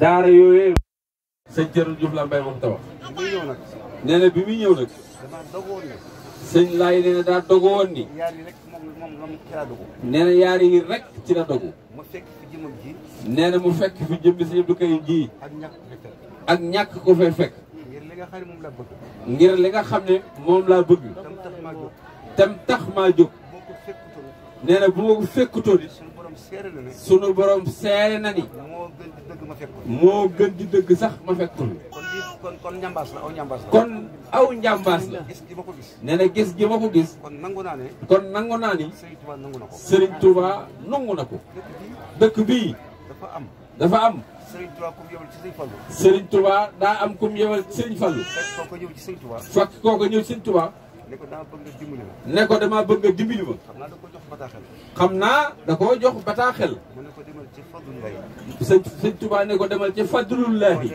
daara yooyee sëñ Thierno Diouf Lambaye moom tabax nee na bi muy ñëw nag sëñ laay nee na daa dogo woon ni nee na yaari yi rek ci la dogu nee mu fekk fi jëmbi si yëpp kay ji ak ñàkk ko fay fekk ngir li nga xam ne moom laa bëgg tam tax maa jóg nee na bu ma ko fekkutoon it sunu borom seere na ni. moo gën di dëgg ma fekkul. moo gën di dëgg sax ma fekkul. kon kon kon njàmbaas la aw njàmbaas la. kon aw njàmbaas la. gis ma ko gis. nee na gis gi ma ko gis. kon nangu naa kon nangu naa ni. Serigne Touba nangu na ko. Serigne Touba nangu na ko. dëkk bii. dafa am. dafa am. Serigne Touba kum yebal ci Serigne Fallou. Serigne Touba daa am kum yebal ci Serigne Fallou. fekk kooku ñëw ci Serigne Touba. fekk kooku ñëw ci Serigne Touba. ne ko dama bëgg nga dimbali ma. xam naa da koo jox bataaxel. mu ne ko demal ci fadlullahi. sëñ Tuubaa ne ko demal ci fadlullahi.